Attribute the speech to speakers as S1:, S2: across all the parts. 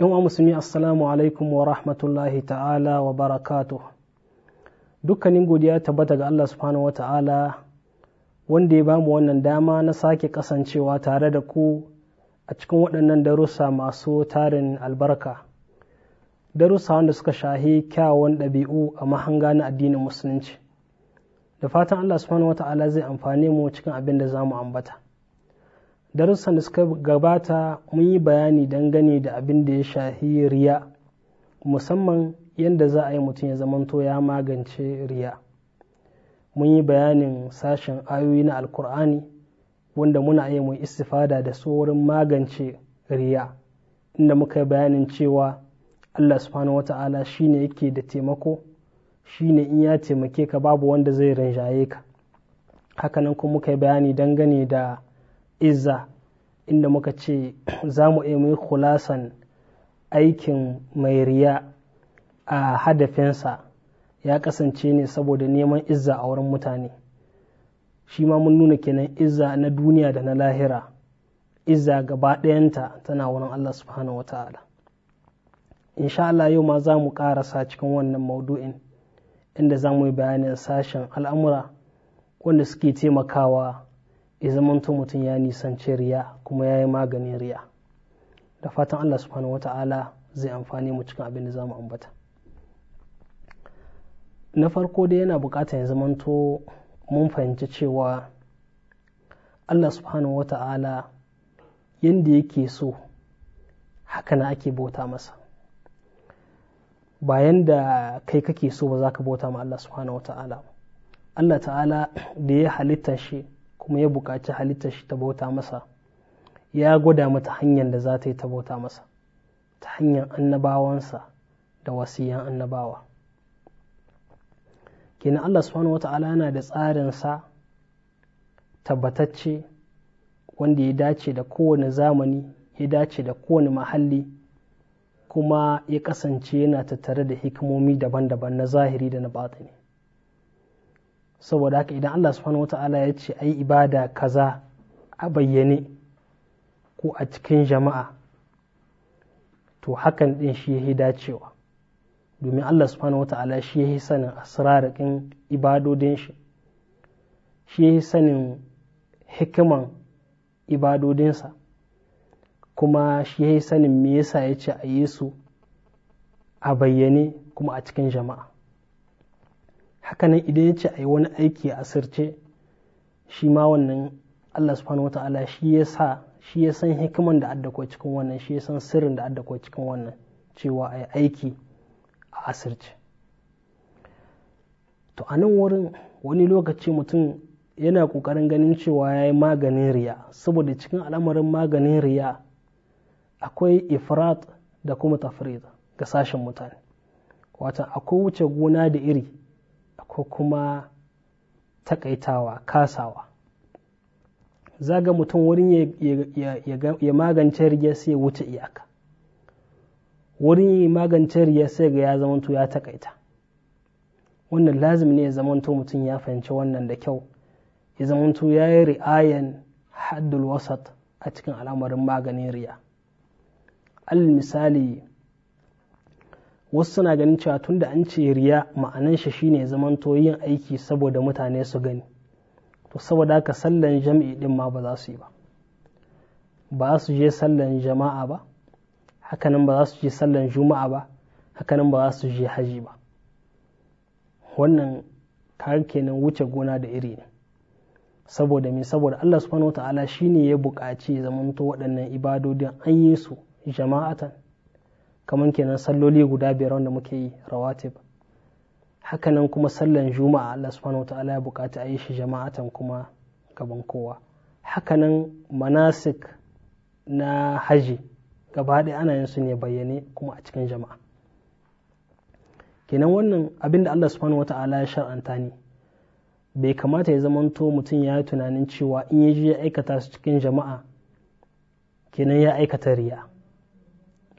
S1: 'yan musulmi assalamu alaikum wa rahmatullahi ta'ala wa barakatu dukkanin godiya tabbata ga Allah subhanahu wa ta'ala wanda ya bamu wannan dama na sake kasancewa tare da ku a cikin waɗannan darussa masu tarin albarka darussa wanda suka shahi kyawun ɗabi'u a mahanga na addinin musulunci da fatan Allah subhanahu wa ta'ala zai amfani mu cikin abin da za mu ambata darussan da suka gabata mun yi bayani dangane da abin da ya shahi riya musamman yadda za a yi mutum ya zamanto ya magance riya mun yi bayanin sashen ayoyi na alkur'ani wanda muna iya mu istifada da su wurin magance riya inda muka yi bayanin cewa allah subhanahu wata'ala shine yake da taimako shine in ya taimake ka babu wanda zai rinjaye ka hakanan kuma muka yi bayani dangane da izza inda muka ce za mu yi kulasan aikin mai riya a hadafinsa ya kasance ne saboda neman izza a wurin mutane shi ma mun nuna kenan izza na duniya da na lahira izza gaba ɗayanta tana wurin Allah subhanahu wa ta'ala Allah yau ma za mu ƙarasa cikin wannan maudu'in inda za mu yi bayanin sashen al'amura wanda suke taimakawa ya zamanto mutum ya nisanci riya kuma ya yi maganin riya da fatan Allah subhanahu wata'ala zai amfani mu cikin abin da za mu ambata na farko dai yana bukatar ya zamanto mun fahimci cewa Allah subhanahu ta'ala yadda yake so haka na ake bauta masa bayan da kai kake so ba za ka bauta ma Allah subhanahu wata'ala Allah ta'ala da ya halitta shi kuma ya buƙaci halittar shi ta bauta masa ya gwada mata hanyar da za ta yi ta bauta masa ta hanyar annabawansa da wasiyan annabawa kenan Allah subhanahu wata'ala yana da tsarinsa tabbatacce wanda ya dace da kowane zamani ya dace da kowane mahalli kuma ya kasance yana tattare da hikimomi daban-daban na zahiri da na batini saboda haka idan Allah subhanahu wata'ala ya ce a ibada kaza a bayyane ko a cikin jama'a to hakan ɗin shi ya dacewa domin Allah subhanahu wata'ala shi ya sanin asirarrakin ibadodin shi shi ya sanin hikiman ibadodinsa kuma shi ya sanin me yasa ya ce a yi su a bayyane kuma a cikin jama'a hakanan idan ya ce a yi wani aiki a asirce shi ma wannan Allah subhanahu wa ta'ala shi ya sa shi ya san hikiman da addako cikin wannan shi ya san sirrin da addako cikin wannan cewa a yi aiki a asirce to a nan wurin wani lokaci mutum yana ƙoƙarin ganin cewa ya yi maganin riya saboda cikin al'amarin maganin riya akwai ifrat da kuma tafrid ga sashen mutane wata akwai wuce gona da iri ko kuma takaitawa kasawa zaga mutum wurin ya magance riya sai wuce iyaka wurin ya magance riya sai ga ya zamanto ya takaita wannan lazim ne ya zamanto mutum ya fahimci wannan da kyau ya zamanto ya yi ri'ayen haddul wasat a cikin al'amarin maganin riya al misali wasu suna ganin cewa tun da an ce riya ma'anan shi shine zamanto yin aiki saboda mutane su gani to saboda haka sallan jam'i din ma ba za su yi ba ba su je sallan jama'a ba hakanan ba za su je sallan juma'a ba hakanan ba za su je haji ba wannan kar kenan wuce gona da iri ne saboda me saboda Allah subhanahu wata'ala shine ya buƙaci zamanto waɗannan ibadodin an yi su jama'atan kamar kenan salloli guda biyar wanda muke yi rawatib hakanan kuma sallan juma'a Allah subhanahu ta'ala ya bukata a yi shi jama'atan kuma gaban kowa hakanan manasik na haji gaba ɗaya ana yin su ne bayyane kuma a cikin jama'a kenan wannan abin da Allah subhanahu wata'ala ya shar'anta ne bai kamata ya zamanto mutum ya yi tunanin cewa in ya je ya aikata su cikin jama'a kenan ya aikata riya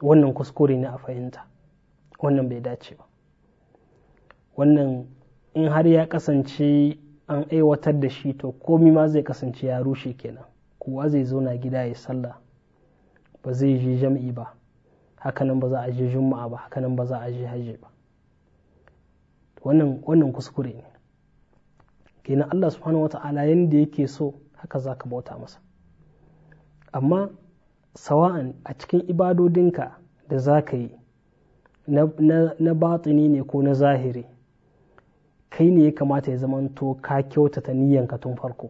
S1: wannan kuskure ne a fahimta wannan bai dace ba wannan in har ya kasance an aiwatar da shi to komi ma zai kasance ya rushe kenan kowa zai zo na gida ya sallah ba zai je jam'i ba hakanan ba za a je juma'a ba hakanan ba za a je hajji ba wannan kuskure ne kenan Allah subhanahu ta'ala yadda yake so haka za ka bauta masa amma sawa'an a cikin ibadodinka da za ka yi na batini ne ko na zahiri kai ne ya kamata ya zamanto ka kyautata niyyanka tun farko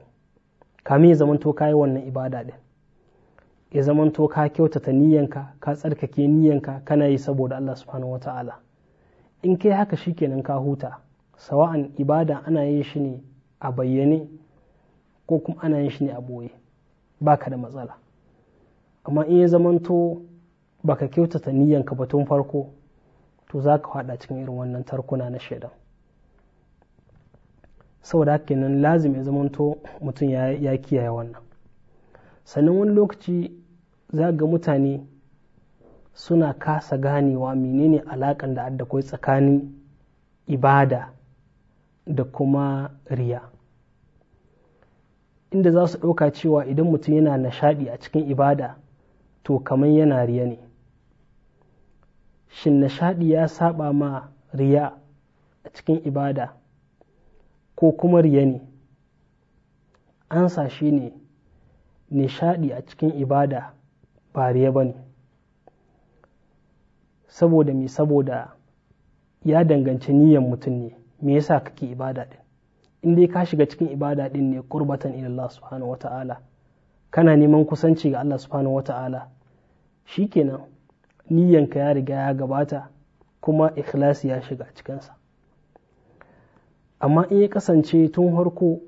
S1: kamin ya zamanto ka yi wannan ibada din ya zamanto ka kyautata niyyanka ka tsarkake niyyanka kana yi saboda Allah subhanahu wata'ala in kai haka shi shikenan ka huta sawa'an ibada ana yin shi ne a bayyane ko kuma ana yin shi ne a boye ka da matsala amma in ya zamanto ka kyautata niyyanka ba tun farko to za ka haɗa cikin irin wannan tarkuna na shaidan saboda haka kenan lazim ya zamanto mutum ya kiyaye wannan sannan wani lokaci za ga mutane suna kasa ganewa menene alaƙan da addakwai tsakanin ibada da kuma riya inda za su ɗauka cewa idan mutum yana nishaɗi a cikin ibada to kamar yana riya ne shin Nishadi ya saba ma riya a cikin ibada ko kuma riya ne An shi ne Nishadi a cikin ibada ba riya ba ne saboda me saboda ya danganci niyyar mutum ne me yasa kake ibada din in dai ka shiga cikin ibada din ne kurbatan ila Allah subhanahu wata'ala kana neman kusanci ga Allah subhanahu wata'ala shikenan niyyanka ya riga ya gabata kuma ikhlasi ya shiga cikinsa amma in ya kasance tun harko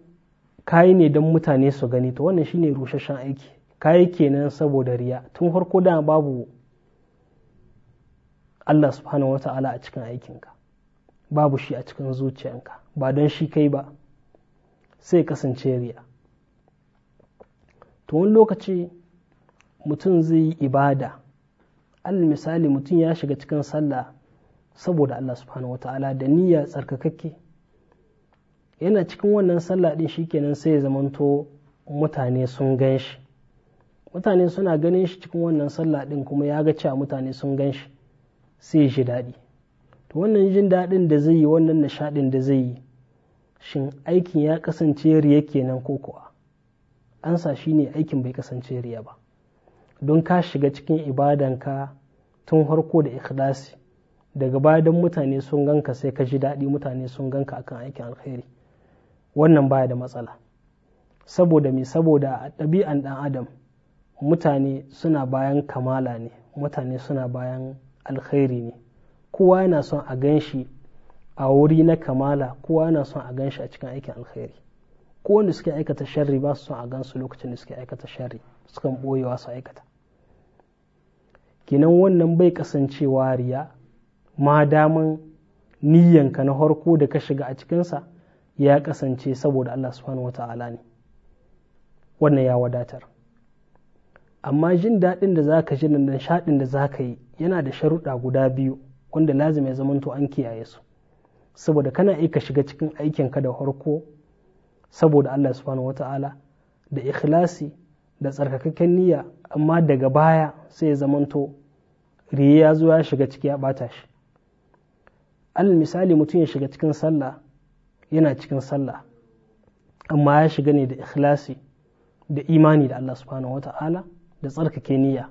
S1: kayi ne don mutane su gani to wannan shine rushashen aiki kayi kenan saboda riya tun harko da babu Allah subhanahu wa ta'ala a cikin aikinka babu shi a cikin zuciyanka ba don shi kai ba sai kasance riya to wani lokaci mutum zai yi ibada alal misali mutum ya shiga cikin sallah saboda Allah subhanahu ta'ala da niyya tsarkakakke yana cikin wannan sallah din shi shikenan sai ya zamanto mutane sun gan shi mutane suna ganin shi cikin wannan sallah din kuma ya ga cewa mutane sun gan shi sai ji daɗi to wannan jin daɗin da zai yi wannan nishaɗin da zai yi shin aikin ya kasance riya kenan ko kuwa ansa ne aikin bai kasance riya ba don ka shiga cikin ibadanka tun harko da ikhlasi daga baya don mutane sun ganka sai ka ji daɗi mutane sun ganka akan aikin alkhairi wannan baya da matsala saboda me saboda a ɗabi'an ɗan adam mutane suna bayan kamala ne mutane suna bayan alkhairi ne kowa yana son a gan shi a wuri na kamala kowa yana son a gan shi a cikin aikin alkhairi ko wanda suke aikata sharri ba su a gansu lokacin da suke aikata sharri sukan boyewa su aikata kinan wannan bai kasance wariya, ma daman niyyanka na harko da ka shiga a cikinsa ya kasance saboda Allah subhanahu wata'ala ne wannan ya wadatar amma jin daɗin da za ka ji da shaɗin da za ka yi yana da sharuɗa guda biyu wanda lazim ya zamanto an kiyaye su saboda kana iya ka shiga cikin aikinka da harko saboda Allah subhanahu wata'ala da ikhlasi da tsarkakakken niyya amma daga baya sai ya zamanto riya ya zo ya shiga ciki ya bata shi al misali mutum ya shiga cikin sallah yana cikin sallah amma ya shiga ne da ikhlasi da imani da Allah subhanahu wata'ala da tsarkake niyya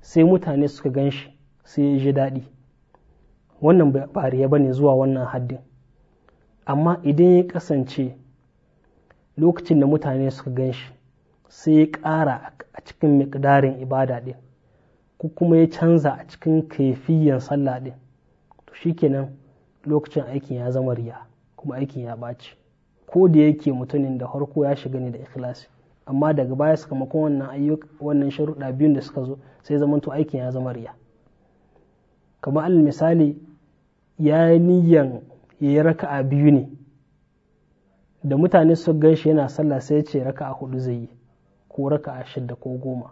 S1: sai mutane suka gan shi sai ya ji daɗi wannan ba riya ba ne zuwa wannan haddin amma idan ya kasance lokacin da mutane suka gan shi sai ya ƙara a cikin miƙdarin ibada ɗin ko kuma ya canza a cikin kaifiyan sallah ɗin to shikenan lokacin aikin ya zama riya kuma aikin ya ɓaci ko da yake mutumin da farko ya shiga ne da ikhlasi amma daga baya sakamakon wannan ayyuka wannan sharuɗa biyun da suka zo sai zama zamanto aikin ya zama riya kamar al misali ya niyan ya yi raka'a biyu ne da mutane su gan shi yana sallah sai ya ce raka a hudu zai yi ko raka a shidda ko goma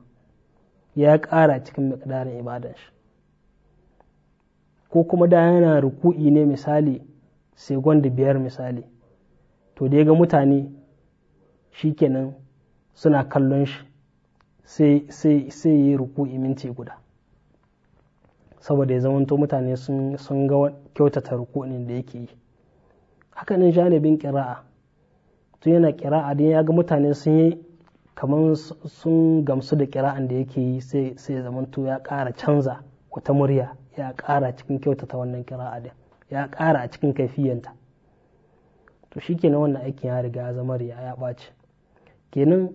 S1: ya ƙara cikin miƙdarin ibadan shi ko kuma da yana ruku'i ne misali sai gwanda biyar misali to da ya ga mutane shikenan suna kallon shi sai yi ruku'i minti guda saboda ya zamanto mutane sun ga kyautata ruku'in da yake yi Haka hakanan jalibin ƙira'a sun yana kira'a da ya ga mutane sun yi kamar sun gamsu da kira'an da yake yi sai zama zamanto ya kara canza wata murya ya ƙara cikin kyautata wannan kira'a din ya ƙara a cikin kaifiyanta to shikenan wannan aikin ya riga ya zama riya ya ɓaci kenan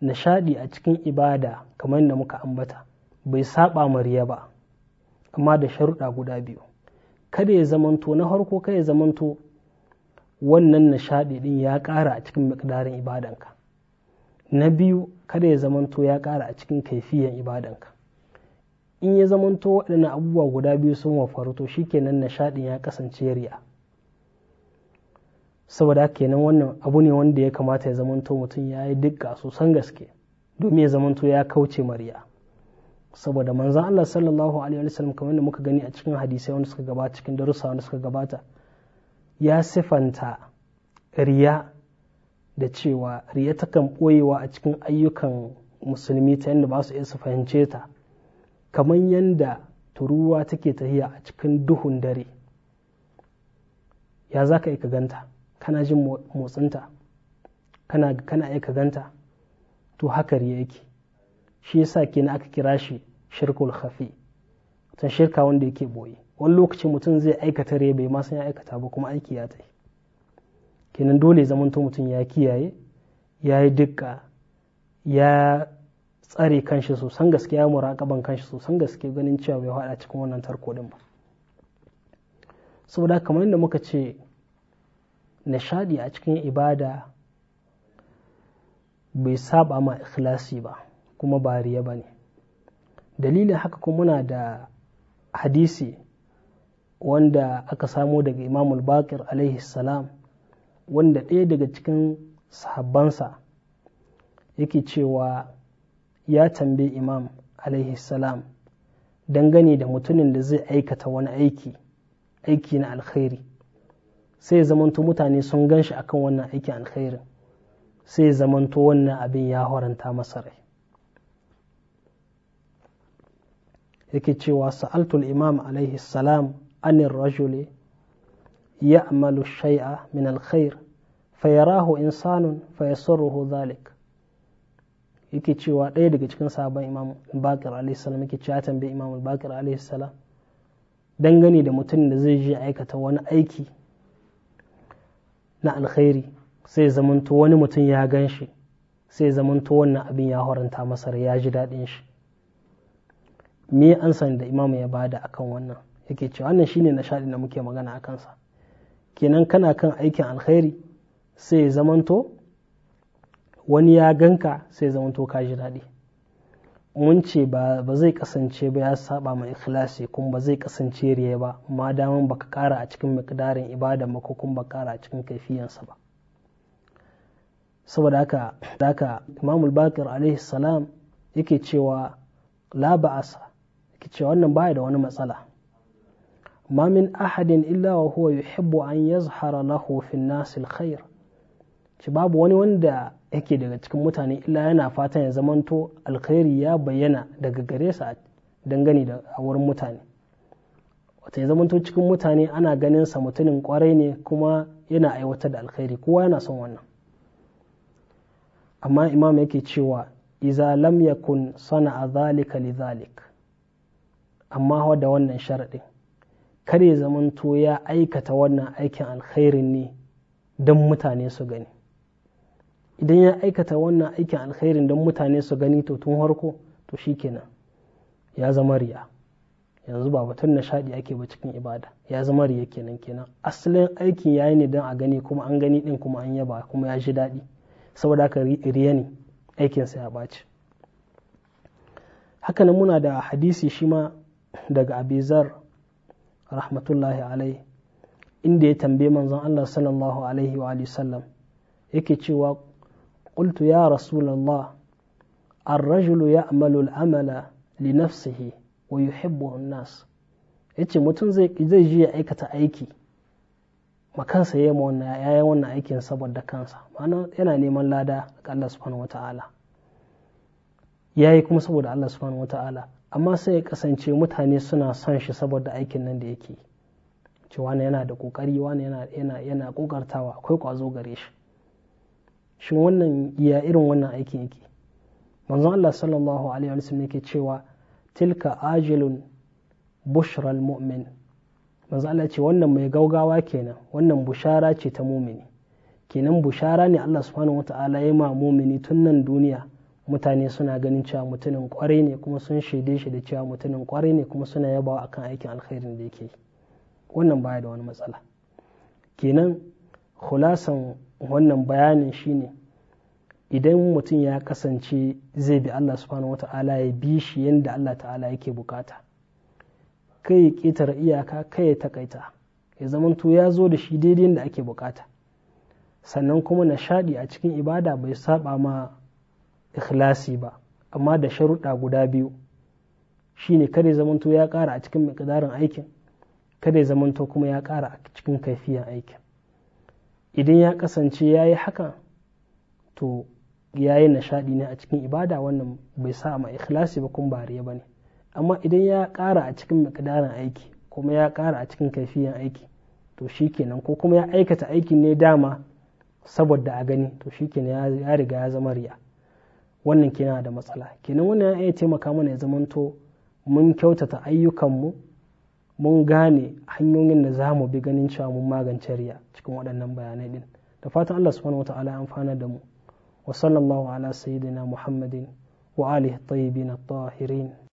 S1: nishaɗi a cikin ibada kamar yadda muka ambata bai saba mariya ba amma da sharuɗa guda biyu kada ya zamanto na harko kada ya zamanto wannan nishaɗi ɗin ya ƙara a cikin miƙdarin ibadanka na biyu kada ya zamanto ya ƙara a cikin kaifiyan ibadanka in ya zamanto waɗannan abubuwa guda biyu sun wafaru to shikenan nishaɗin ya kasance riya saboda kenan wannan abu ne wanda ya kamata ya zamanto mutum ya yi dukka sosan gaske domin ya zamanto ya kauce mariya saboda manzan Allah sallallahu alaihi wasallam kamar da muka gani a cikin hadisai wanda suka gabata cikin darussa wanda suka gabata ya sifanta riya da cewa riya takan ɓoyewa a cikin ayyukan musulmi ta yadda ba su iya su fahimce ta kamar yadda turuwa take tahiya a cikin duhun dare ya za ka ganta kana jin motsinta kana kana ka ganta to haka riya yake shi yasa kenan aka kira shi shirkul khafi ta shirka wanda yake boye wani lokaci mutum zai aikata rai bai ma ya aikata ba kuma aiki ya tai kenan dole to mutum ya kiyaye ya yi dukka ya tsare kanshi sosan gaske ya murakaban kanshi sosan gaske ganin cewa bai hada cikin wannan tarko din ba saboda kamar yadda muka ce nishaɗi a cikin ibada bai saba ma ikhlasi ba kuma ba riya ba ne dalilin haka kuma muna da hadisi wanda aka samo daga Imam al bakir alaihi salam wanda ɗaya daga cikin sahabbansa yake cewa ya tambe imam alaihi salam dangane da mutumin da zai aikata wani aiki aiki na alkhairi sai zamanto mutane sun gan shi akan wannan aikin alkhairin sai zamanto wannan abin ya horanta masa rai yake cewa sa'altul imam alaihi salam عن الرجل يعمل الشيء من الخير فيراه إنسان فيسره ذلك yake cewa ɗaya daga cikin sabon imam bakir alaihissalam yake cewa tambayi imam bakir alaihissalam dangane da mutum da zai je aikata wani aiki na alkhairi sai zamanto wani mutum ya gan shi sai zamanto wannan abin ya horanta masar ya ji daɗin shi me an san da imam ya bada akan wannan yake cewa wannan shine nishadi da muke magana a kansa kenan kana kan aikin alkhairi sai ya zamanto wani ya ganka sai ya zamanto ka ji daɗi mun ce ba zai kasance ba ya saba mai ikhlasi kuma ba zai kasance riya ba ma daman baka kara a cikin mikdarin ibada ba ko kuma baka kara a cikin kaifiyansa ba saboda haka haka Imam Bakir alaihi salam yake cewa la ba'asa yake cewa wannan baya da wani matsala ma min ahadin illa wa huwa yuhibbu an yazhara lahu fi nasil khair ci babu wani wanda yake daga cikin mutane illa yana fatan ya zamanto alkhairi ya bayyana daga gare sa dangane da a wurin mutane wata ya zamanto cikin mutane ana ganin sa mutumin kwarai ne kuma yana aiwatar da alkhairi kowa yana son wannan amma imam yake cewa iza lam yakun sana'a zalika li zalik amma da wannan sharaɗin kar ya zamanto ya aikata wannan aikin alkhairin ne don mutane su gani idan ya aikata wannan aikin alkhairin don mutane su gani to tun harko to shikenan ya zama riya yanzu ba batun nishaɗi ake ba cikin ibada ya zama riya kenan kenan asalin aikin ya yi ne don a gani kuma an gani ɗin, kuma an yaba kuma ya ji daɗi saboda haka riya ne aikinsa ya ɓaci hakanan muna da hadisi shi ma daga abizar rahmatullahi alai inda ya tambaye manzon Allah sallallahu alaihi wa sallam yake cewa qultu ya rasulullah ar-rajulu ya'malu al-amala li nafsihi wa yuhibbuhu an-nas yace mutum zai zai je ya aikata aiki ma kansa yayi wannan yayin wannan aikin saboda kansa ma'ana yana neman lada ga Allah subhanahu ya yayi kuma saboda Allah subhanahu ta'ala. amma sai ya kasance mutane suna son shi saboda aikin nan da yake ce wani yana da kokari wani yana kokartawa akwai kwazo gare shi shin wannan ya irin wannan aikin yake manzon Allah sallallahu alaihi ya yake cewa tilka ajilun bushral mu'min manzon Allah ce wannan mai gaugawa kenan wannan bushara ce ta mumini kenan bushara ne Allah subhanahu wata'ala ya ma mumini tun nan duniya mutane suna ganin cewa mutumin kwarai ne kuma sun shaide shi da cewa mutumin kwarai ne kuma suna yabawa akan aikin alkhairin da yake wannan baya da wani matsala kenan khulasan wannan bayanin shine idan mutum ya kasance zai bi Allah subhanahu wata'ala ya bi shi yadda Allah ta'ala yake bukata kai ya ƙetare iyaka kai ya takaita ya zamanto ya zo da shi daidai yadda ake bukata sannan kuma nishadi a cikin ibada bai saba ma ikhlasi ba amma da sharuɗa guda biyu shine kada zamanto ya ƙara a cikin miƙdarin aikin kada zamanto kuma ya ƙara a cikin kaifiyan aikin idan ya kasance ya yi haka to ya yi nishaɗi ne a cikin ibada wannan bai sa ma ikhlasi ba kuma bariya ba ne amma idan ya ƙara a cikin miƙdarin aiki kuma ya ƙara a cikin kaifiyan aiki to shi kenan ko kuma ya aikata aikin ne dama saboda a gani to shi kenan ya riga ya zama riya wannan kina da matsala kenan wannan ya iya taimaka mana ya zamanto mun kyautata ayyukanmu mun gane hanyoyin da za mu bi ganin cewa mun magance riya cikin waɗannan bayanai din da fatan Allah subhanahu wataala ya amfana da mu wa sallallahu ala sayyidina muhammadin wa alihi tayyibin at